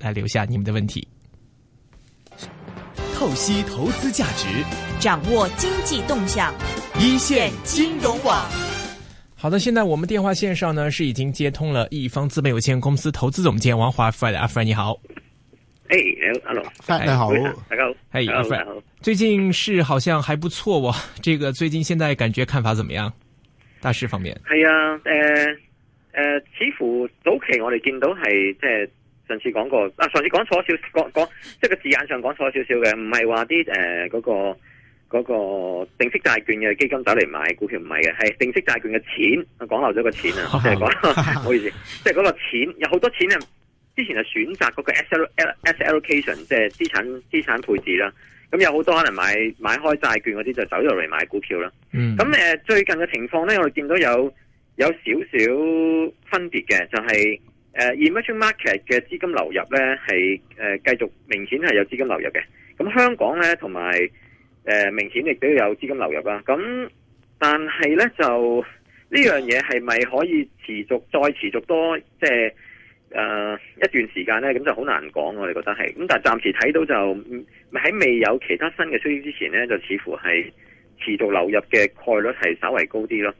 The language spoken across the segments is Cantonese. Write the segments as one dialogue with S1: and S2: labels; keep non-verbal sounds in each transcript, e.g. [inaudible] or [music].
S1: 來留下你們的問題。透析投資價值，掌握經濟動向，一線金融網。好的，現在我們電話線上呢是已經接通了億方資本有限公司投資總監王華 Fred，你好。hello，Fred 你好
S2: ，hey 好，哎，Fred
S1: 最近是好像還不錯哇、哦，這個最近現在感覺看法怎麼樣？大市方面，係、
S3: hey, 啊、hey, hey, 哦，誒、這、誒、個，hey, uh, uh, 似乎早期我哋見到係即係。Uh, 上次講過啊，上次講錯少，講講，講即係個字眼上講錯少少嘅，唔係話啲誒嗰個定息債券嘅基金走嚟買股票唔係嘅，係定息債券嘅錢，我講漏咗個錢啊，即 [laughs] 係是講，唔好意思，即係嗰個錢有好多錢咧，之前就選擇嗰個 SL, Allocation，即係資產資產配置啦，咁有好多可能買買開債券嗰啲就走咗嚟買股票啦。咁、嗯呃、最近嘅情況咧，我哋見到有有少少分別嘅，就係、是。誒、uh,，emerging market 嘅資金流入咧，係誒、呃、繼續明顯係有資金流入嘅。咁香港咧，同埋誒明顯亦都有資金流入啦，咁但係咧，就呢樣嘢係咪可以持續再持續多，即係誒一段時間咧？咁就好難講。我哋覺得係。咁但係暫時睇到就喺未有其他新嘅消息之前咧，就似乎係持續流入嘅概率係稍為高啲咯。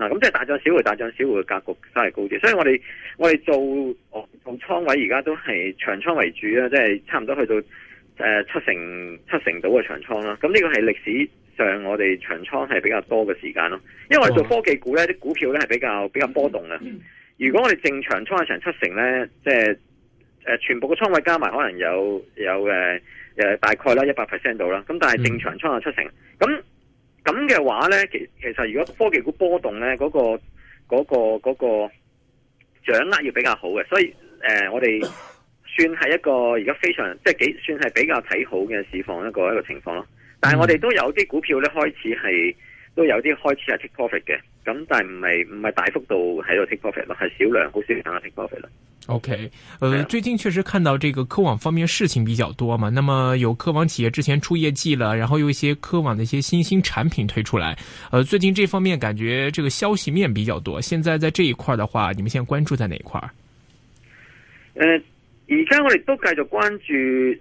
S3: 嗱、啊，咁即係大漲小回，大漲小回嘅格局都係高啲，所以我哋我哋做我、哦、做倉位而家都係長倉為主啊，即、就、係、是、差唔多去到誒、呃、七成七成度嘅長倉啦。咁呢個係歷史上我哋長倉係比較多嘅時間咯，因為我哋做科技股咧，啲股票咧係比較比較波動啊。如果我哋正常倉係成七成咧，即係誒全部嘅倉位加埋可能有有誒誒大概啦一百 percent 度啦。咁但係正常倉係七成咁。嗯嗯咁嘅話呢，其其實如果科技股波動呢，嗰、那個嗰、那個嗰、那個那個掌握要比較好嘅，所以誒、呃，我哋算係一個而家非常即係幾算係比較睇好嘅市況一個一個情況咯。但係我哋都有啲股票呢，開始係都有啲開始係 take profit 嘅，咁但係唔係唔係大幅度喺度 take profit 咯，係小量好少嘅金額 take profit 咯。
S1: OK，呃，最近確實看到這個科網方面事情比較多嘛。那麼有科網企業之前出業績了，然後有一些科網的一些新興產品推出來。呃，最近這方面感覺這個消息面比較多。現在在這一塊的話，你們現在關注在哪一塊？
S3: 呃，而家我哋都繼續關注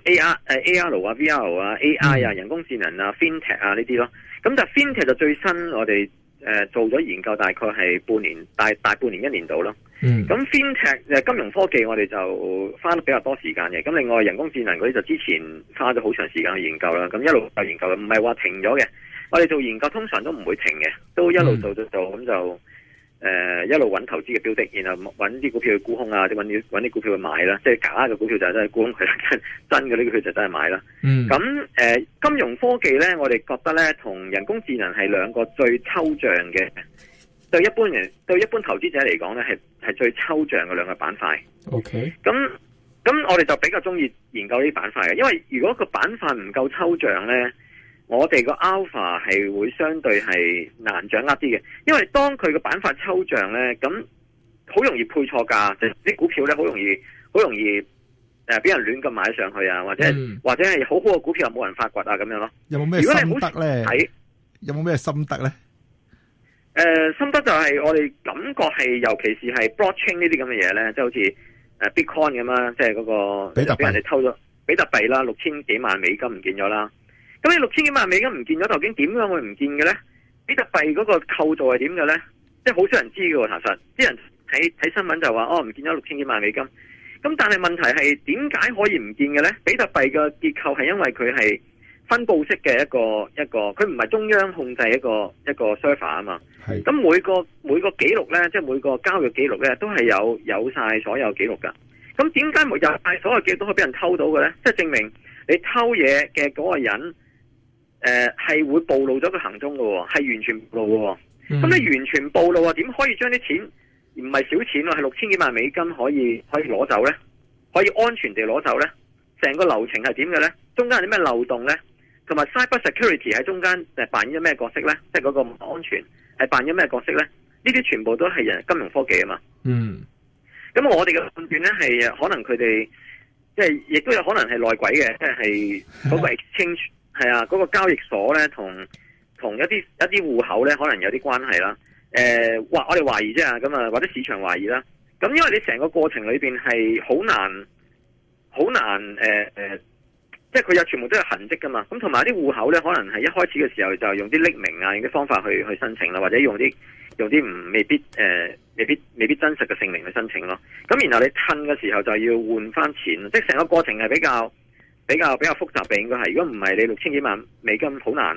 S3: AR、AR 啊、VR 啊、AI 啊、嗯、人工智能啊、FinTech 啊呢啲咯。咁就 FinTech 就最新，我哋、呃、做咗研究，大概係半年、大大半年、一年度咯。嗯，咁 fintech 誒，金融科技我哋就花得比較多時間嘅，咁另外人工智能嗰啲就之前花咗好長時間去研究啦，咁一路研究，唔係話停咗嘅。我哋做研究通常都唔會停嘅，都一路做做做咁，就誒、呃、一路揾投資嘅標的，然後揾啲股票去沽空啊，即揾啲啲股票去買啦，即係假嘅股票就真係沽空佢啦， [laughs] 真嘅呢個股票就真係買啦。咁、嗯、誒、呃，金融科技咧，我哋覺得咧，同人工智能係兩個最抽象嘅。對一般人，對一般投資者嚟講咧，係係最抽象嘅兩個板塊。
S2: OK.
S3: 咁咁，我哋就比較中意研究呢板塊嘅，因為如果個板塊唔夠抽象咧，我哋個 alpha 係會相對係難掌握啲嘅。因為當佢個板塊抽象咧，咁好容易配錯價，就係啲股票咧好容易、好容易誒俾人亂咁買上去啊、嗯，或者或者係好好嘅股票又冇人發掘啊，咁樣咯。
S1: 有冇咩心得咧？有冇咩心得咧？
S3: 誒、呃，心得就係我哋感覺係，尤其是係 blockchain 呢啲咁嘅嘢咧，即係好似 bitcoin 咁啦，即係嗰、那個比特幣俾人哋偷咗，比特幣啦，六千幾萬美金唔見咗啦。咁你六千幾萬美金唔見咗，究竟點樣會唔見嘅咧？比特幣嗰個構造係點嘅咧？即係好少人知嘅喎、啊，其實啲人睇睇新聞就話哦唔見咗六千幾萬美金。咁但係問題係點解可以唔見嘅咧？比特幣嘅結構係因為佢係。分布式嘅一個一個，佢唔係中央控制一個一個 server 啊嘛。係咁每個每個記錄咧，即係每個交易記錄咧，都係有有晒所有記錄噶。咁點解會有晒所有記錄都可以俾人偷到嘅咧？即係證明你偷嘢嘅嗰個人，誒、呃、係會暴露咗個行蹤噶、哦，係完全暴露噶、哦。咁、嗯、你完全暴露啊，點可以將啲錢，唔係少錢啊，係六千幾萬美金可以可以攞走咧？可以安全地攞走咧？成個流程係點嘅咧？中間有啲咩漏洞咧？同埋 cyber security 喺中間誒扮演咗咩角色咧？即係嗰個安全係扮演咩角色咧？呢啲全部都係人金融科技啊嘛。嗯。咁我哋嘅判斷咧係可能佢哋即係亦都有可能係內鬼嘅，即係嗰個 exchange 係 [laughs] 啊，嗰、嗰個交易所咧同同一啲一啲戶口咧可能有啲關係啦。誒、呃，懷我哋懷疑啫啊，咁啊，或者市場懷疑啦。咁因為你成個過程裏邊係好難，好難誒誒。呃呃即係佢有全部都有痕迹，噶嘛，咁同埋啲戶口呢，可能係一開始嘅時候就用啲匿名啊，用啲方法去去申請啦，或者用啲用啲唔未必誒、呃，未必未必真實嘅姓名去申請咯。咁然後你褪嘅時候就要換翻錢，即係成個過程係比較比較比較複雜嘅，應該係。如果唔係，你六千幾萬美金好難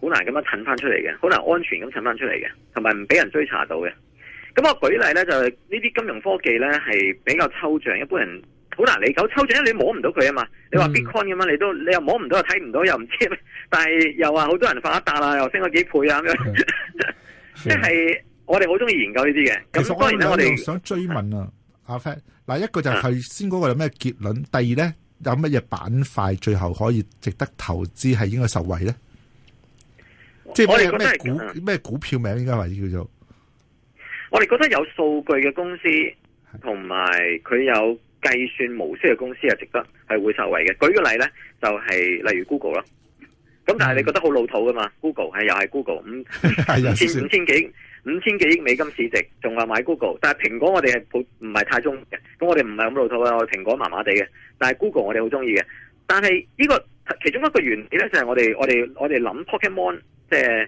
S3: 好難咁樣褪翻出嚟嘅，好難安全咁褪翻出嚟嘅，同埋唔俾人追查到嘅。咁我舉例呢，就係呢啲金融科技呢，係比較抽象，一般人。好難理解抽象。因為你摸唔到佢啊嘛。你話 bitcoin 咁樣，你都你又摸唔到，又睇唔到，又唔知。但係又話好多人發達啦，又升咗幾倍啊咁樣。即係 [laughs] 我哋好中意研究呢啲嘅。其實當然我哋想
S1: 追問啊，阿 Fred 嗱，一個就係先嗰個有咩結論？第二咧，有乜嘢板塊最後可以值得投資係應該受惠咧？
S3: 即係我哋、就是、覺得係股咩
S1: 股票名應該或者叫做？
S3: 我哋覺得有數據嘅公司同埋佢有。計算模式嘅公司係值得，係會受惠嘅。舉個例咧，就係、是、例如 Google 啦。咁但係你覺得好老土噶嘛？Google 係又係 Google，五千 [laughs] 五千幾 [laughs] 五千幾億美金市值，仲話買 Google。但係蘋果我哋係唔係太中，咁我哋唔係咁老土啊。我哋蘋果麻麻地嘅，但係 Google 我哋好中意嘅。但係呢、這個其中一個原理咧，就係、是、我哋我哋我哋諗 Pokemon，即係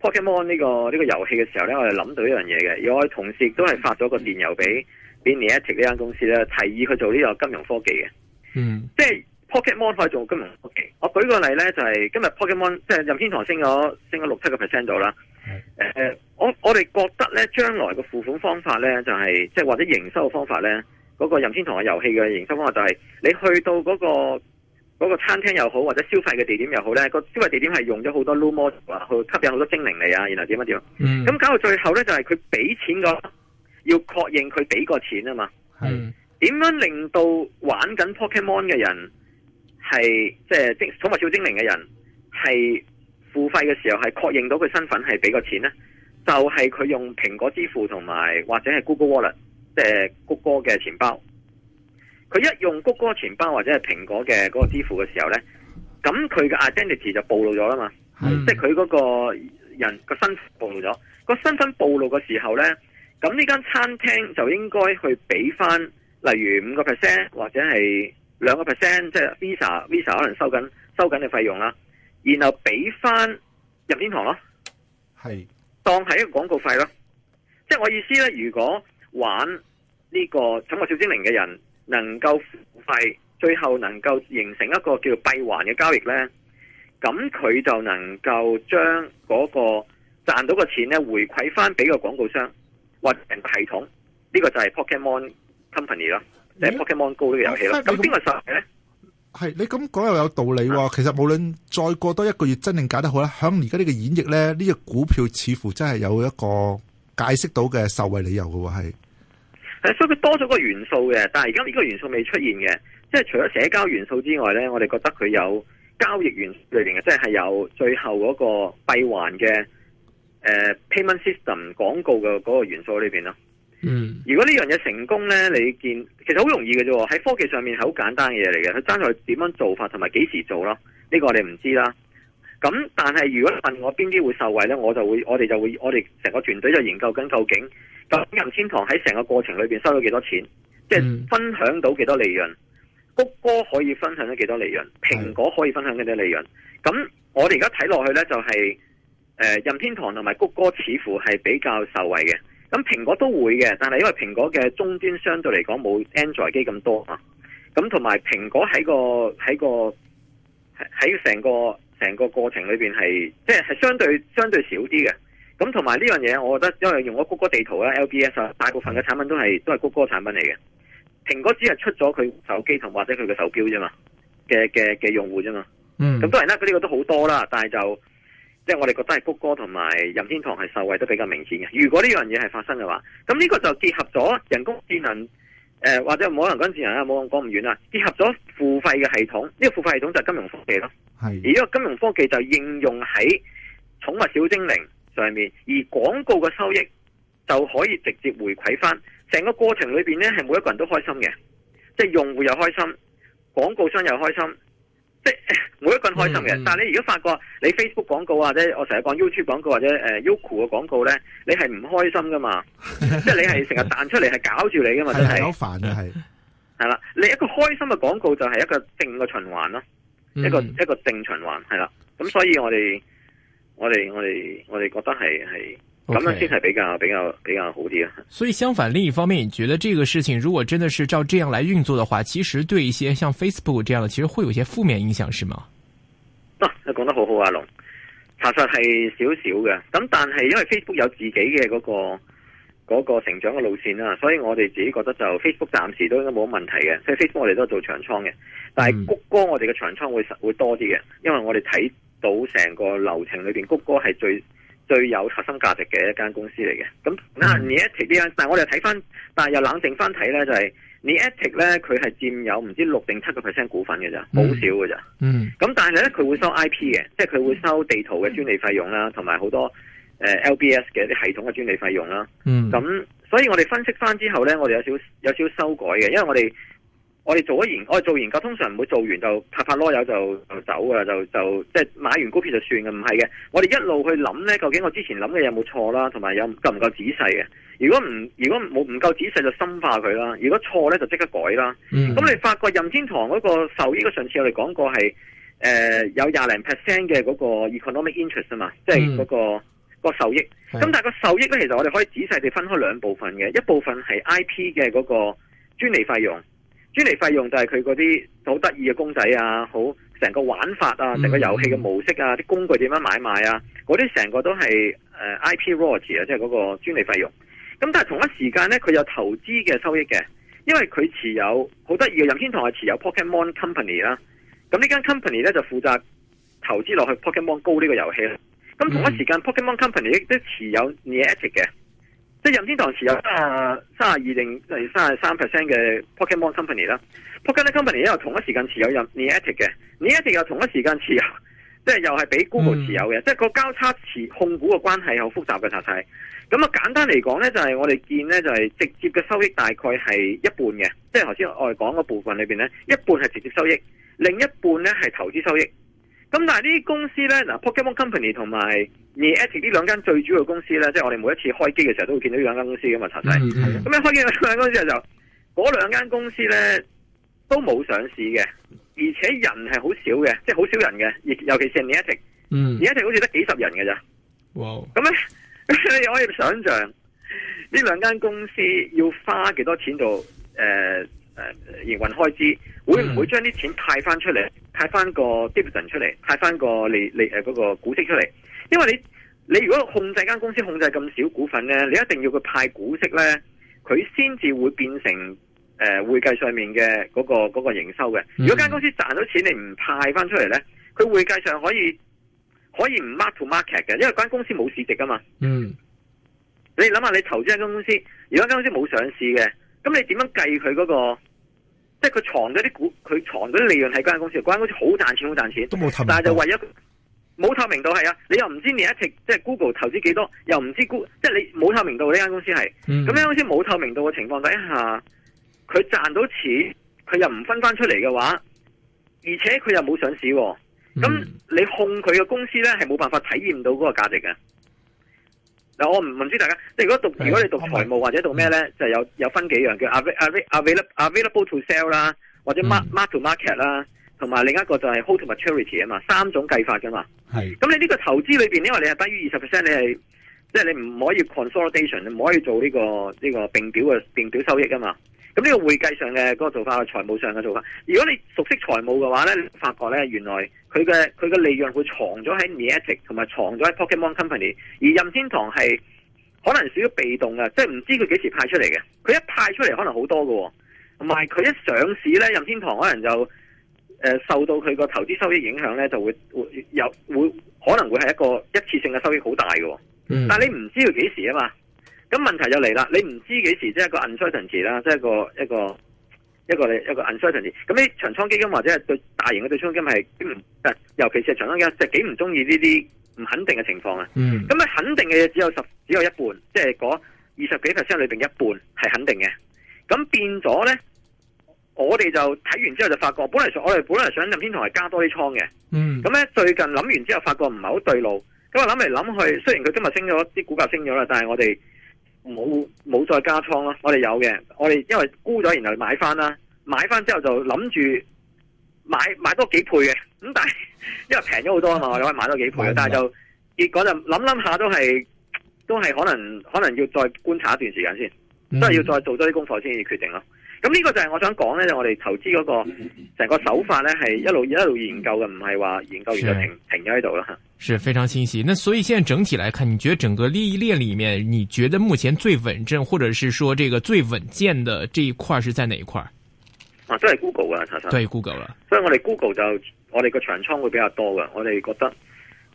S3: Pokemon 呢、這個呢、這個遊戲嘅時候咧，我哋諗到一樣嘢嘅。有我同事都係發咗個電郵俾。b i e n e t i c 呢間公司咧，提議佢做呢個金融科技嘅，嗯，即係 Pokémon 可以做金融科技。我舉個例咧，就係今日 Pokémon 即係任天堂升咗升咗六七個 percent 度啦。誒，我我哋覺得咧將來嘅付款方法咧就係即係或者營收嘅方法咧，嗰個任天堂嘅遊戲嘅營收方法就係你去到嗰個餐廳又好或者消費嘅地點又好咧，個消費地點係用咗好多 Lure Module 啊去吸引好多精靈嚟啊，然後點樣點樣。嗯。咁搞到最後咧就係佢俾錢個。要確認佢俾個錢啊嘛，點樣令到玩緊 Pokemon 嘅人係即係即寵物小精靈嘅人係付費嘅時候係確認到佢身份係俾個錢呢？就係、是、佢用蘋果支付同埋或者係 Google Wallet，即係谷歌嘅錢包。佢一用谷歌錢包或者係蘋果嘅嗰個支付嘅時，時候呢，咁佢嘅 identity 就暴露咗啦嘛，即係佢嗰個人個身暴露咗，個身份暴露嘅時候呢。咁呢間餐廳就應該去俾翻，例如五個 percent 或者係兩個 percent，即係 Visa Visa 可能收緊收緊嘅費用啦，然後俾翻入天堂咯，係當係一個廣告費咯。即係我意思咧，如果玩呢個寵物小精靈嘅人能夠付費，最後能夠形成一個叫做閉環嘅交易咧，咁佢就能夠將嗰個賺到嘅錢咧回饋翻俾個廣告商。一個系統，呢、這個就係 Pokemon Company 咯、就是、，Pokemon Go 遊戲呢個遊戲咯。咁邊個受
S1: 惠咧？係你咁講又有道理喎。其實無論再過多一個月，真正搞得好咧，響而家呢個演繹咧，呢、這、隻、個、股票似乎真係有一個解釋到嘅受惠理
S3: 由嘅喎，係。係所以佢多咗個元素嘅，但係而家呢個元素未出現嘅，即係除咗社交元素之外咧，我哋覺得佢有交易元類型嘅，即係有最後嗰個閉環嘅。誒、uh,，payment system 廣告嘅嗰個元素呢邊咯。嗯、
S2: mm.，
S3: 如果呢樣嘢成功咧,你見其實好容易嘅啫，喺科技上面係好簡單嘅嘢嚟嘅。佢爭在點樣做法同埋幾時做咯？呢、這個我哋唔知啦。咁但係如果問我邊啲會受惠咧，我就會我哋就會我哋成個團隊就研究緊究竟任天堂喺成個過程裏邊收到幾多錢，即、mm. 係分享到幾多利潤，谷歌可以分享到幾多利潤，蘋果可以分享幾多利潤。咁、mm. mm. 我哋而家睇落去咧就係、是。誒、呃，任天堂同埋谷歌似乎係比較受惠嘅，咁蘋果都會嘅，但係因為蘋果嘅終端相對嚟講冇 Android 機咁多啊，咁同埋蘋果喺個喺個喺成個成個過程裏邊係，即係係相對相對少啲嘅，咁同埋呢樣嘢，我覺得因為用咗谷歌地圖啦、LBS 啊，大部分嘅產品都係都係谷歌產品嚟嘅，蘋果只係出咗佢手機同或者佢嘅手錶啫嘛，嘅嘅嘅用戶啫嘛，咁、嗯、當然啦，佢、這、呢個都好多啦，但係就。即係我哋覺得係谷歌同埋任天堂係受惠都比較明顯嘅。如果呢樣嘢係發生嘅話，咁呢個就結合咗人工智能，誒、呃、或者冇人工智能啊，冇講唔咁遠啦。結合咗付費嘅系統，呢個付費系統就係金融科技咯。係而呢個金融科技就應用喺寵物小精靈上面，而廣告嘅收益就可以直接回饋翻。成個過程裏邊呢，係每一個人都開心嘅，即係用戶又開心，廣告商又開心。即係每一個人開心嘅，但係你如果發覺你 Facebook 廣告或者我成日講 YouTube 廣告或者誒 Yahoo 嘅廣告咧，你係唔開心噶嘛？ [laughs] 即係你係成日彈出嚟係 [laughs] 搞住你噶嘛？真係好煩啊！係係啦，你一個開心嘅廣告就係一個正嘅循環咯、嗯，一個一個正循環係啦。咁所以我哋我哋我哋我哋覺得係係。是咁、okay. 樣先係比較比較比較好啲
S1: 啊！所以相反，另一方面，你覺得這個事情如果真的是照這樣來運作的話，其實對一些像 Facebook 這樣的，其實會有些負面影響，是嗎？
S3: 啊，你講得好好啊，阿龍查實係少少嘅。咁但係因為 Facebook 有自己嘅嗰、嗰個、嗰個成長嘅路線啦，所以我哋自己覺得就 Facebook 暫時都應該冇乜問題嘅。所以 Facebook 我哋都係做長倉嘅，但係谷歌我哋嘅長倉會實會多啲嘅，因為我哋睇到成個流程裏邊，谷歌係最。最有核心價值嘅一間公司嚟嘅，咁你 Etic 呢？但係我哋睇翻，但係又冷靜翻睇咧，就係你 Etic 咧，佢係佔有唔知六定七個 percent 股份嘅咋，好少嘅咋。嗯。咁但係咧，佢會收 IP 嘅，即係佢會收地圖嘅專利費用啦，同埋好多 LBS 嘅一啲系統嘅專利費用啦。嗯。咁，所以我哋分析翻之後咧，我哋有少有少修改嘅，因為我哋。我哋做咗研，我哋做研究，通常唔會做完就拍拍囉柚就就走㗎。就就即係買完股票就算嘅，唔係嘅。我哋一路去諗咧，究竟我之前諗嘅有冇錯啦，同埋有，有夠唔夠仔細嘅。如果唔如果冇唔夠仔細就深化佢啦，如果錯咧就即刻改啦。咁、嗯、你發覺任天堂嗰個受益，上次我哋講過係誒、呃、有廿零 percent 嘅嗰個 economic interest 啊嘛，即係嗰個、嗯、個受益。咁但係個受益咧，其實我哋可以仔細地分開兩部分嘅，一部分係 I P 嘅嗰個專利費用。專利費用就係佢嗰啲好得意嘅公仔啊，好成個玩法啊，成個遊戲嘅模式啊，啲工具點樣買賣啊，嗰啲成個都係、呃、IP rights 啊，即係嗰個專利費用。咁但係同一時間呢，佢有投資嘅收益嘅，因為佢持有好得意嘅任天堂係持有 Pokémon Company 啦。咁呢間 Company 呢，就負責投資落去 Pokémon 高呢個遊戲，咁同一時間 Pokémon Company 亦都持有 n e t f i x 嘅。即係任天堂持有三啊三啊二定係三啊三 percent 嘅 Pokemon Company 啦，Pokemon Company 因又,又同一時間持有任 Niantic 嘅 Niantic 又同一時間持有，即係又係俾 Google 持有嘅、嗯，即係個交叉持控股嘅關係好複雜嘅態勢。咁啊簡單嚟講咧，就係我哋見咧就係直接嘅收益大概係一半嘅，即係頭先我哋講嗰嘅部分裏邊咧，一半係直接收益，另一半咧係投資收益。咁但係呢啲公司咧，嗱 Pokemon Company 同埋 Niantic 呢兩間最主要嘅公司咧，即係我哋每一次開機嘅時候都會見到呢兩間公司㗎嘛，查仔。咁、mm -hmm. 一開機嘅兩間公司就嗰兩間公司咧都冇上市嘅，而且人係好少嘅，即係好少人嘅，尤其是 Niantic，Niantic 好似得幾十人嘅咋？哇、wow.！咁咧，你可以想象呢兩間公司要花幾多錢做誒，營運開支會唔會將啲錢派翻出嚟？派翻個 dividend 出嚟，派翻個你你誒個股息出嚟？因為你你如果控制間公司控制咁少股份咧，你一定要佢派股息咧，佢先至會變成誒、呃、會計上面嘅嗰個嗰個營收嘅。如果間公司賺到錢，你唔派翻出嚟咧，佢會計上可以可以唔 mark to market 嘅，因為間公司冇市值吖嘛。嗯。你諗下，你投資一間公司，如果間公司冇上市嘅，咁你點樣計佢嗰個？即係佢藏咗啲股，佢藏咗啲利潤喺間公司，間公司好賺錢，好賺錢，但係就唯一冇透明度係啊！你又唔知你一直即係 Google 投資幾多，又唔知 Goo 即係你冇透明度呢、啊、間公司係，咁呢間公司冇透明度嘅情況底下，佢賺到錢，佢又唔分翻出嚟嘅話，而且佢又冇上市、啊，咁、嗯、你控佢嘅公司咧係冇辦法體驗到嗰個價值嘅。嗱，我唔唔知大家，即係如果讀如果你讀財務或者讀咩咧、嗯，就有有分幾樣叫 av -av -av available l l a e to sell 啦，或者 mar -mark to market 啦、嗯，同埋另一個就係 hold to maturity 啊嘛，三種計法噶嘛。係。咁你呢個投資裏面，因為你係低於二十 percent，你係即係你唔可以 consolidation，你唔可以做呢個呢個並表嘅並表收益啊嘛。咁、這、呢個會計上嘅嗰個做法，財務上嘅做法。如果你熟悉財務嘅話咧，你發覺咧原來佢嘅佢嘅利潤會藏咗喺 Niantic 同埋藏咗喺 Pokémon Company。而任天堂係可能少於被動嘅，即係唔知佢幾時派出嚟嘅。佢一派出嚟可能好多喎。同埋佢一上市咧，任天堂可能就、呃、受到佢個投資收益影響咧，就會會有可能會係一個一次性嘅收益好大嘅。喎。但係你唔知佢幾時啊嘛。咁問題就嚟啦，你唔知幾時即係一個 uncertainty 啦，即係一個一個一個你一個 uncertainty。咁啲長倉基金或者係對大型嘅對沖基金係唔尤其是長倉基金就幾唔中意呢啲唔肯定嘅情況啊。咁、嗯、啊肯定嘅嘢，只有十只有一半，即係嗰二十幾 percent 裏邊一半係肯定嘅。咁變咗咧，我哋就睇完之後就發覺，本嚟我哋本嚟想任天堂係加多啲倉嘅。咁、嗯、咧最近諗完之後發覺唔係好對路，咁啊諗嚟諗去，雖然佢今日升咗啲股價升咗啦，但係我哋。冇冇再加倉囉，我哋有嘅，我哋因為沽咗，然後買翻啦，買翻之後就諗住買買多幾倍嘅，咁但係因為平咗好多啊嘛，我哋買多幾倍，嗯、但係就結果就諗諗下都係都係可能可能要再觀察一段時間先，嗯、都係要再做多啲功課先要決定咯。咁呢個就係我想講咧，就我哋投資嗰個成個手法咧係一路一路研究嘅，唔係話研究完就停停咗喺度
S1: 是非常清晰。那所以現在整體來看，你覺得整個利益鏈裏面，你覺得目前最穩陣，或者是說這個最穩健的這一塊是在哪一塊？
S3: 啊，都係 Google 啊，查實。對，Google 啊。所以我哋 Google 就我哋個長倉會比較多噶。我哋覺得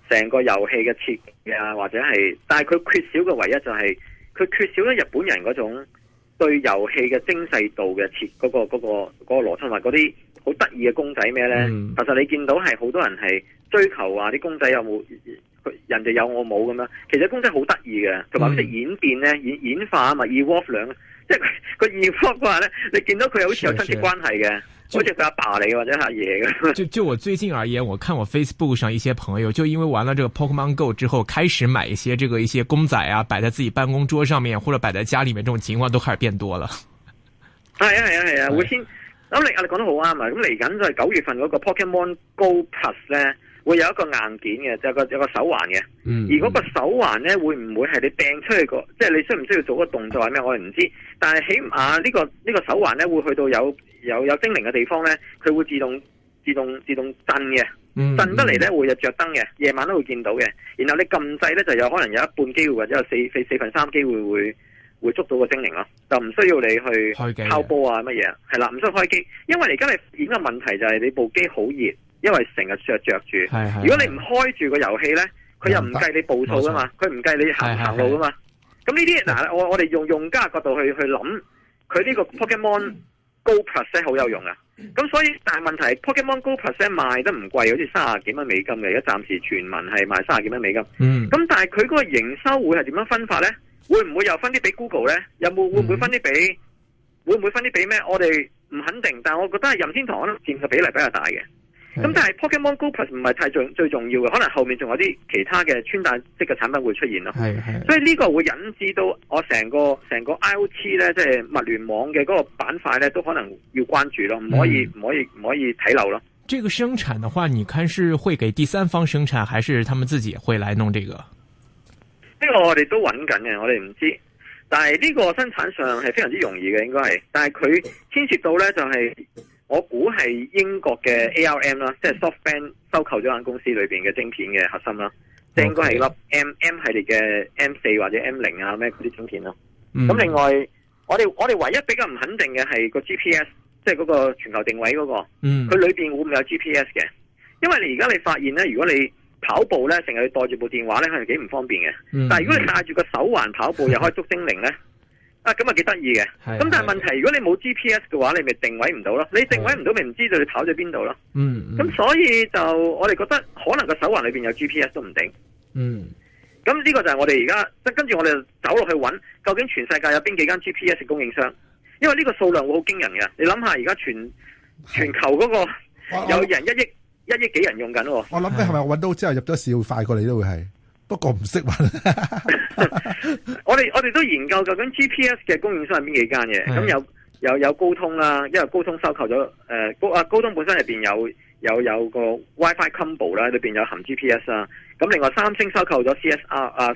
S3: 成個遊戲嘅設計啊，或者係，但係佢缺少嘅唯一就係、是，佢缺少咗日本人嗰種。對遊戲嘅精細度嘅設、嗰個，嗰、嗰個嗰、嗰個、嗰個邏輯，同埋嗰啲好得意嘅公仔咩咧？Mm. 其實你見到係好多人係追求話啲公仔有冇佢人哋有我冇咁樣，其實公仔好得意嘅，同埋佢演變咧、mm.，演演化啊嘛，二、e、wolf 兩，即、就、係、是嗰個二 wolf 話咧，你見到佢好似有親戚關係嘅。Sure, sure. 好似阿爸嚟嘅或者阿
S1: 爺嘅。就就，就我最近而言，我看我 Facebook 上一些朋友，就因為玩咗這個 Pokemon Go 之後，開始買一些這個一些公仔啊，擺在自己辦公桌上面，或者擺在家裏面，這種情況都開始變多了。
S3: 係啊係啊係啊，會先咁嚟啊，你講得好啱啊。咁嚟緊就九月份嗰個 Pokemon Go Plus 咧，會有一個硬件嘅，就是、個有個手環嘅。嗯。而嗰個手環咧，會唔會係你掟出去個？即、就、係、是、你需唔需要做個動作係咩？我哋唔知道。但係起碼呢、這個呢、這個這個手環咧，會去到有。有有精靈嘅地方呢，佢會自動自動自動震嘅、嗯，震得嚟呢會就着燈嘅，夜晚都會見到嘅。然後你撳掣呢，就有可能有一半機會或者四四四分三機會會，會捉到個精靈咯，就唔需要你去拋波啊乜嘢，係、啊、啦，唔需要開機，因為而家你而家問題就係你部機好熱，因為成日着着住。是是是如果你唔開住個遊戲呢，佢又唔計你步數噶嘛，佢唔計你行唔行路噶嘛。咁呢啲嗱，我我哋用用家角度去去諗，佢呢個 Pokemon。高 percent 好有用啊，咁所以但係問題，Pokemon 高 percent 賣得唔貴，好似三十幾蚊美金嘅，而家暫時全民係賣三十幾蚊美金。咁、嗯、但係佢嗰個營收會係點樣分法咧？會唔會又分啲俾 Google 咧？有冇會唔會分啲俾、嗯？會唔會分啲俾咩？我哋唔肯定，但係我覺得任天堂佔嘅比例比較大嘅。咁但係 Pokemon Go Plus 唔係太重最重要嘅，可能後面仲有啲其他嘅穿戴式嘅產品會出現咯。係係，所以呢個會引致到我成個成個 I O T 咧，即係物聯網嘅嗰個板塊咧，都可能要關注咯，唔可以唔可以唔可以睇漏咯。
S1: 這個生產嘅話，你看是會給第三方生產，還是他們自己會來弄這個？
S3: 呢個我哋都揾緊嘅，我哋唔知。但係呢個生產上係非常之容易嘅，應該係。但係佢牽涉到咧，就係。我估係英國嘅 ARM 啦，即係 SoftBank 收購咗間公司裏邊嘅晶片嘅核心啦，即、okay. 係應該係粒 M M 系列嘅 M 四或者 M 零啊咩嗰啲晶片咯。
S2: 咁、mm. 另
S3: 外，我哋我哋唯一比較唔肯定嘅係個 GPS，即係嗰個全球定位嗰、嗰個，佢裏邊會唔會有 GPS 嘅？因為你而家你發現呢，如果你跑步呢，成日要袋住部電話呢，係幾唔方便嘅。Mm. 但係如果你戴住個手環跑步，又可以捉精靈呢。 [laughs] 啊，咁啊幾得意嘅。咁但係問題，如果你冇 GPS 嘅話，你咪定位唔到咯。你定位唔到，咪唔知道你跑咗邊度咯。嗯，咁、嗯、所以就我哋覺得可能個手環裏邊有 GPS 都唔定。嗯，咁呢個就係我哋而家即跟住我哋走落去揾，究竟全世界有邊幾間 GPS 供應商？因為呢個數量會好驚人嘅。你諗下而家全全球嗰個有人一億一億幾人用緊喎。我諗咧，係
S1: 咪搵到之後入咗市會快過你都會係。不過唔識 [laughs]
S3: [laughs] 我哋我哋都研究究竟 GPS 嘅供應商係邊幾間嘅？咁有有有高通啦，因為高通收購咗誒高啊高通本身入邊有有有個 WiFi Combo 啦，裏邊有含 GPS 啦、啊。咁另外三星收購咗 CSR 啊，啊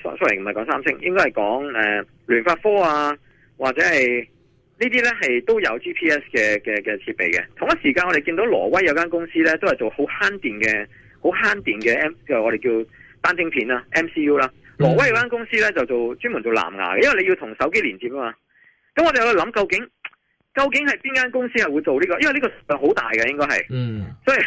S3: ，sorry 唔係講三星，應該係講誒聯發科啊，或者係呢啲咧係都有 GPS 嘅嘅嘅設備嘅。同一時間我哋見到挪威有間公司咧，都係做好慳電嘅，好慳電嘅 M 我哋叫。單晶片啦，M C U 啦，挪威有間公司咧就做專門做藍牙嘅，因為你要同手機連接啊嘛。咁我哋去諗究竟究竟係邊間公司係會做呢、這個？因為呢個好大嘅，應該係。嗯。所以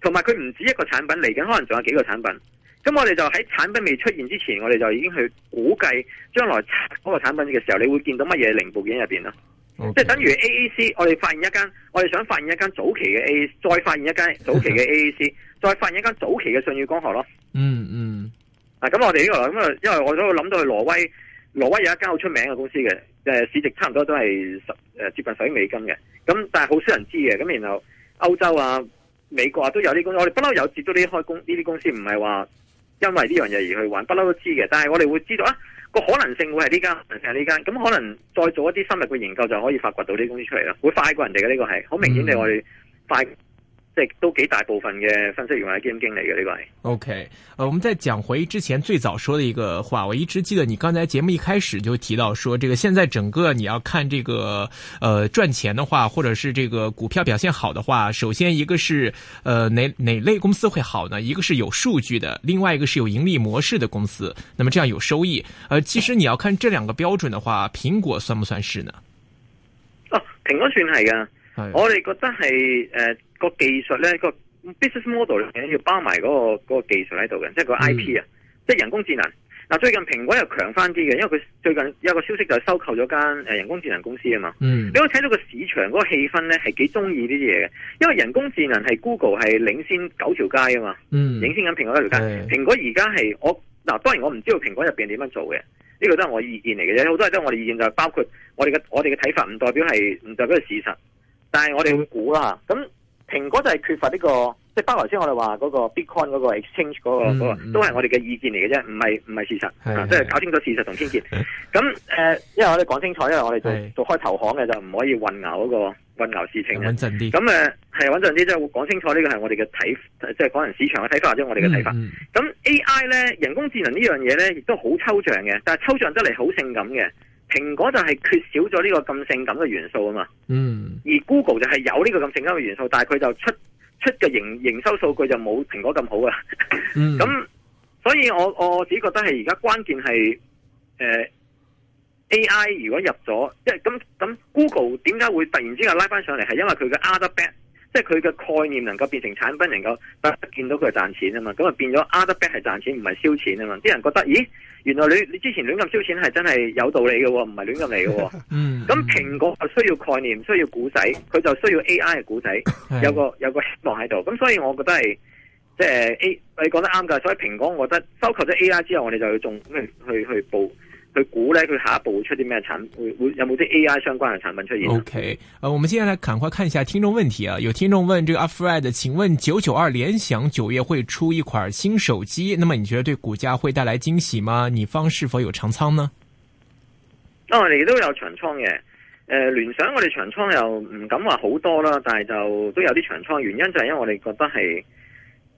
S3: 同埋佢唔止一個產品嚟緊，來可能仲有幾個產品。咁我哋就喺產品未出現之前，我哋就已經去估計將來嗰個產品嘅時候，你會見到乜嘢零部件入邊咯。即、okay。係等於 A A C，我哋發現一間，我哋想發現一間早期嘅 A A C 再發現一間早期嘅 A A C， [laughs] 再發現一間早期嘅信宇光學咯。嗯嗯，啊咁我哋呢個咁啊，因為我都諗到去挪威，挪威有一間好出名嘅公司嘅，誒市值差唔多都係十誒接近十億美金嘅，咁但係好少人知嘅，咁然後歐洲啊、美國啊都有啲公司，我哋不嬲有接咗啲開工呢啲公司，唔係話因為呢樣嘢而去揾，不嬲都知嘅，但係我哋會知道啊個可能性會係呢間，係呢間，咁可能再做一啲深入嘅研究就可以發掘到啲公司出嚟啦，會快過人哋嘅呢個係，好明顯哋我哋快。嗯即都幾大部分嘅分析員或者基金
S1: 經理嘅呢個係。OK，呃我們再講回之前最早說的一個話，我一直記得你剛才節目一開始就提到說，這個現在整個你要看這個，呃賺錢的話，或者是這個股票表現好的話，首先一個是，呃，哪哪類公司會好呢？一個是有數據的，另外一個是有盈利模式的公司，那麼這樣有收益。呃其實你要看這兩個標準的話，蘋果算不算是呢？哦，
S3: 蘋果算係噶，我哋覺得係誒。呃技呢嗰個、呢個技術咧，個 business model 要包埋嗰個技術喺度嘅，即係個 I P 啊、嗯，即係人工智能。嗱，最近蘋果又強翻啲嘅，因為佢最近有一個消息就係收購咗間人工智能公司啊嘛。嗯。你可睇到個市場嗰個氣氛咧係幾中意呢啲嘢嘅，因為人工智能係 Google 係領先九條街啊嘛。嗯。領先緊蘋果一條街。嗯、蘋果而家係我嗱，當然我唔知道蘋果入面點樣做嘅，呢個都係我意見嚟嘅啫。好多人都係我哋意見，就係、係、包括我哋嘅我哋嘅睇法，唔代表係唔代表係事實，但係我哋會估啦。咁、嗯。蘋果就係缺乏呢、這個，即係包括頭先我哋話嗰個 Bitcoin 嗰個 exchange 嗰、那個嗯嗯都係我哋嘅意見嚟嘅啫，唔係唔係事實，即係、嗯就是、搞清楚事實同偏見。咁誒、呃，因為我哋講清楚，因為我哋做做開投行嘅就唔可以混淆嗰、那個混淆事情。穩陣啲，咁誒係穩陣啲，即係會講清楚呢個係我哋嘅睇，即、就、係、是、講人市場嘅睇法或者我哋嘅睇法。咁、嗯嗯、AI 咧，人工智能呢樣嘢咧，亦都好抽象嘅，但係抽象得嚟好性感嘅。蘋果就係缺少咗呢個咁性感嘅元素啊嘛，
S2: 嗯，
S3: 而 Google 就係有呢個咁性感嘅元素，但係佢就出出嘅營營收數據就冇蘋果咁好啊，
S2: 咁、嗯、
S3: [laughs] 所以我我自己覺得係而家關鍵係誒 AI 如果入咗，即係咁咁 Google 點解會突然之間拉翻上嚟，係因為佢嘅 other bad。即係佢嘅概念能夠變成產品，能夠大家見到佢賺錢啊嘛，咁啊變咗 earn back 係賺錢，唔係燒錢啊嘛。啲人覺得，咦，原來你你之前亂咁燒錢係真係有道理嘅，唔係亂咁嚟嘅。嗯。咁蘋果就需要概念，需要股仔，佢就需要 A I 嘅股仔， [laughs] 有個有個希望喺度。咁所以我覺得係即係 A，你講得啱噶。所以蘋果我覺得收購咗 A I 之後，我哋就要仲去去去報。佢估咧，佢下一步會出啲咩產品？會會有冇啲 AI 相關嘅產品出現？O K，誒，
S1: 我們接下來趕快看一下聽眾問題啊！有聽眾問：這個阿 Fred，請問九九二聯想九月會出一款新手機，那麼你覺得對股價會帶來驚喜嗎？你方是否有長倉呢？
S3: 啊，我哋都有長倉嘅。誒、呃，聯想我哋長倉又唔敢話好多啦，但係就都有啲長倉。原因就係因為我哋覺得係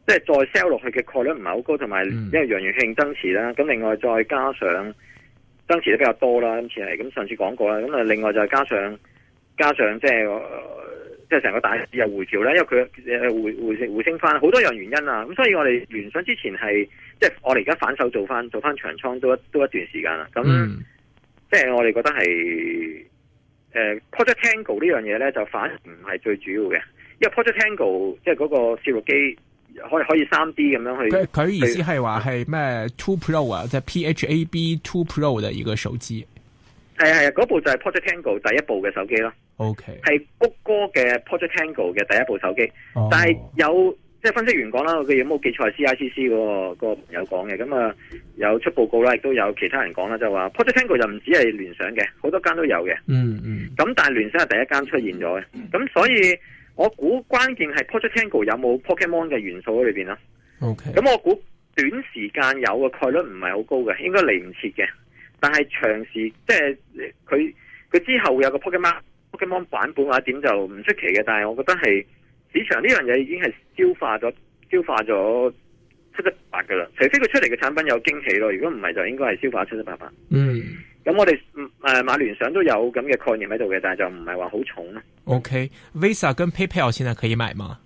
S3: 即係再 sell 落去嘅概率唔係好高，同埋因為楊元慶增持啦。咁、嗯、另外再加上。增持得比較多啦，咁似係咁上次講過啦，咁啊另外就係加上加上即係即係成個大又回調咧，因為佢回回升回升翻，好多樣原因啊，咁所以我哋聯想之前係即係我哋而家反手做翻做翻長倉都一都一段時間啦，咁即係我哋覺得係誒、呃、Project Tango 呢樣嘢咧就反而唔係最主要嘅，因為 Project Tango 即係嗰個攝錄機。可以可以三 D 咁樣去。佢佢意思
S1: 係話係咩 Two Pro 啊，即係 PHAB Two Pro 嘅一個手機。
S3: 係係啊，嗰部就係 Project Tango 第一部嘅手機咯。OK，係谷歌嘅 Project Tango 嘅第一部手機。Oh. 但係有即係、就是、分析員講啦，我有冇記錯係 CICC 嗰、那個嗰個朋友講嘅。咁啊，有出報告啦，亦都有其他人講啦，就話 Project Tango 又唔止係聯想嘅，好多間都有嘅。嗯嗯。咁但係聯想係第一間出現咗嘅，咁所以。我估關鍵係 Project Tango 有冇 Pokemon 嘅元素喺裏邊啦。
S2: 咁、
S3: okay. 我估短時間有嘅概率唔係好高嘅，應該嚟唔切嘅。但係長時即係佢佢之後會有個 Pokemon Pokemon 版本話，或者點就唔出奇嘅。但係我覺得係市場呢樣嘢已經係消化咗消化咗七七八八噶啦。除非佢出嚟嘅產品有驚喜咯。如果唔係，就應該係消化七七八八。嗯。咁我哋誒、呃、馬聯想都有咁嘅概念喺度嘅，但係就唔係話好重啦。
S1: OK，Visa 跟 PayPal 現在可以買嗎？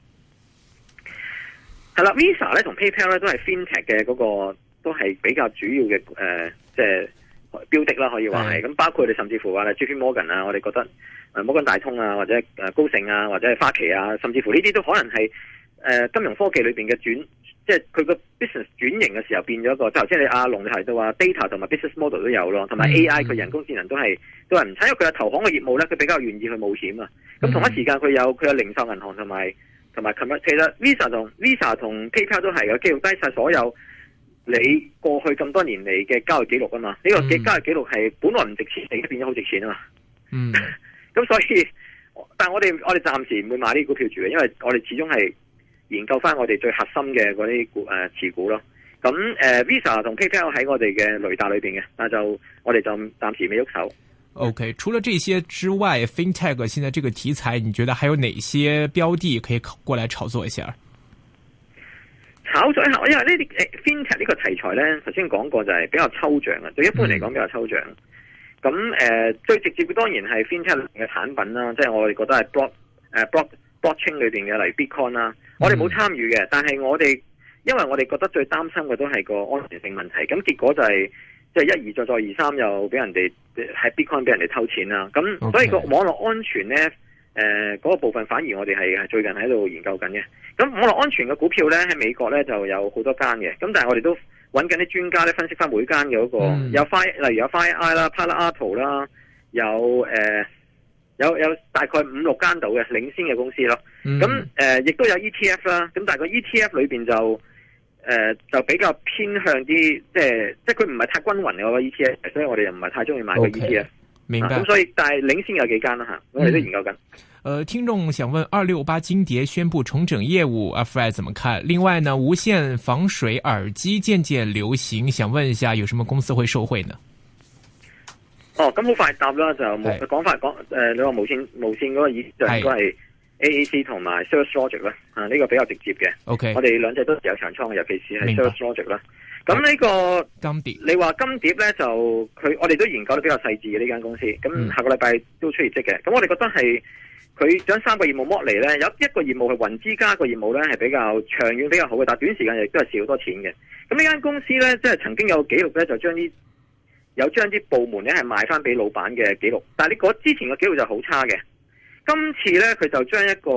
S3: 係啦，Visa 咧同 PayPal 咧都係 FinTech 嘅嗰個都係比較主要嘅、呃、即係標的啦，可以話係。咁包括你甚至乎話咧，JP Morgan 啊，我哋覺得誒摩根大通啊，或者高盛啊，或者花旗啊，甚至乎呢啲都可能係、呃、金融科技裏面嘅轉。即係佢個 business 轉型嘅時候，變咗一個，即係頭先你阿龍提到話 data 同埋 business model 都有咯，同埋 AI 佢、mm -hmm. 人工智能都係都係唔差，因為佢有投行嘅業務咧，佢比較願意去冒險啊。咁、mm -hmm. 同一時間佢有佢有零售銀行同埋同埋，琴日其實 Visa 同 Visa 同 PayPal 都係嘅，記錄低晒所有你過去咁多年嚟嘅交易記錄啊嘛。呢、mm -hmm. 個嘅交易記錄係本來唔值錢，你都變咗好值錢啊嘛。
S2: 嗯，
S3: 咁所以，但係我哋我哋暫時唔會買呢啲股票住嘅，因為我哋始終係。研究翻我哋最核心嘅嗰啲股誒、呃、持股咯，咁誒、呃、Visa 同 PayPal 喺我哋嘅雷達裏邊嘅，但就我哋就暫時未喐手。
S1: OK，除了呢些之外，FinTech 現在這個題材，你覺得還有哪些標的可以考過來炒作一下？
S3: 炒作一下，因為呢啲誒 FinTech 呢個題材咧，頭先講過就係比較抽象呀，對一般嚟講比較抽象。咁誒、嗯嗯呃、最直接當然係 FinTech 嘅產品啦，即係我哋覺得係 block 誒、呃、block。Blockchain 裏邊嘅例如 Bitcoin 啦、嗯，我哋冇參與嘅，但係我哋因為我哋覺得最擔心嘅都係個安全性問題，咁結果就係即係一而再再而三又俾人哋喺 Bitcoin 俾人哋偷錢啦，咁、okay, 所以個網絡安全咧，誒、呃、嗰、那個部分反而我哋係係最近喺度研究緊嘅。咁網絡安全嘅股票咧喺美國咧就有好多間嘅，咁但係我哋都揾緊啲專家咧分析翻每間嘅嗰個、嗯、有 Fire 例如有 FireEye 啦、Palo Alto 啦，有、呃、誒。有有大概五六間到嘅領先嘅公司咯，咁誒亦都有 E T F 啦，咁但係個 E T F 裏邊就誒、呃、就比較偏向啲即係即係佢唔係太均勻嘅、那個 E T F，所以我哋又唔係太中意買個 E T F。Okay, 明白。咁、啊嗯、所以但係領先有幾間啦吓，我哋都研究緊。誒、嗯
S1: 呃，聽眾想問二六八金蝶宣布重整業務、啊，Fred 怎麼看？另外呢，無線防水耳機漸漸流行，想問一下，有什麼公司會受惠呢？
S3: 哦，咁好快答啦，就冇佢講法講，你話、呃、無線無線嗰個意思，就應該係 A A C 同埋 Search Logic 咧，啊呢、這個比較直接嘅。O、okay, K，我哋兩隻都有長倉嘅，尤其是係 Search Logic 啦。咁呢、這個金蝶你話金蝶咧就佢，我哋都研究得比較細緻嘅呢間公司。咁下個禮拜都出業績嘅。咁、嗯、我哋覺得係佢將三個業務剝嚟咧，有一個業務係雲之家，一個業務咧係比較長遠比較好嘅，但短時間亦都係蝕好多錢嘅。咁呢間公司咧，即係曾經有紀錄咧，就將啲。有將啲部門咧係賣翻俾老闆嘅記錄，但係你之前嘅記錄就好差嘅。今次呢，佢就將一個，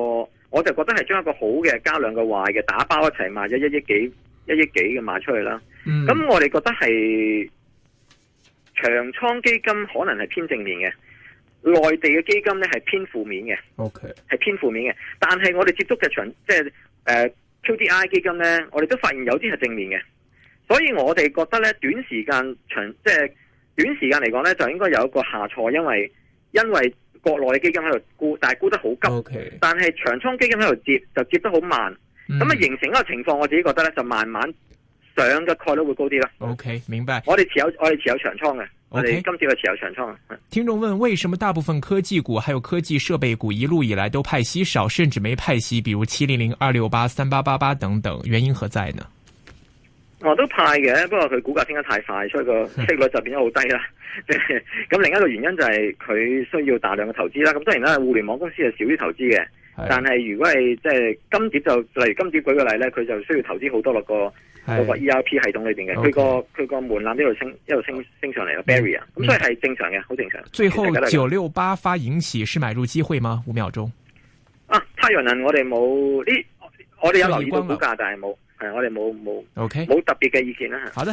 S3: 我就覺得係將一個好嘅加兩個壞嘅打包一齊賣，咗，一億幾一億幾嘅賣出去啦。咁、嗯、我哋覺得係長倉基金可能係偏正面嘅，內地嘅基金呢係偏負面嘅。O K. 係偏負面嘅，但係我哋接觸嘅長即係、就是呃、Q D I 基金呢，我哋都發現有啲係正面嘅，所以我哋覺得呢，短時間長即係。就是短時間嚟講咧，就應該有一個下挫，因為因為國內嘅基金喺度沽，但係沽得好急，okay. 但係長倉基金喺度接，就接得好慢，咁、嗯、啊形成嗰個情況，我自己覺得咧就慢慢上嘅概率會高啲啦。
S1: O、okay, K，明白。
S3: 我哋持有我哋持有長倉嘅，okay. 我哋今次嘅持有長倉。
S1: 聽眾問：為什麼大部分科技股還有科技設備股一路以來都派息少，甚至沒派息，比如七零零二六八三八八八等等，原因何在呢？
S3: 我、哦、都派嘅，不過佢股價升得太快，所以個息率就變咗好低啦。咁 [laughs] 另一個原因就係佢需要大量嘅投資啦。咁當然啦，互聯網公司係少於投資嘅。但係如果係即係金蝶就，例如金蝶舉個例咧，佢就需要投資好多落個、
S2: 那個 E R
S3: P 系統裏邊嘅。佢個佢個門檻呢度升，一度升一升上嚟咯。Barrier 咁所以係正常嘅，好正常。最後九
S1: 六八發盈喜是買入機會嗎？五秒鐘。
S3: 啊，太陽能我哋冇呢，我哋有，有留意到股價，但係冇。係、嗯，我哋冇冇，冇、Okay。特別嘅意見啦。好
S1: 的。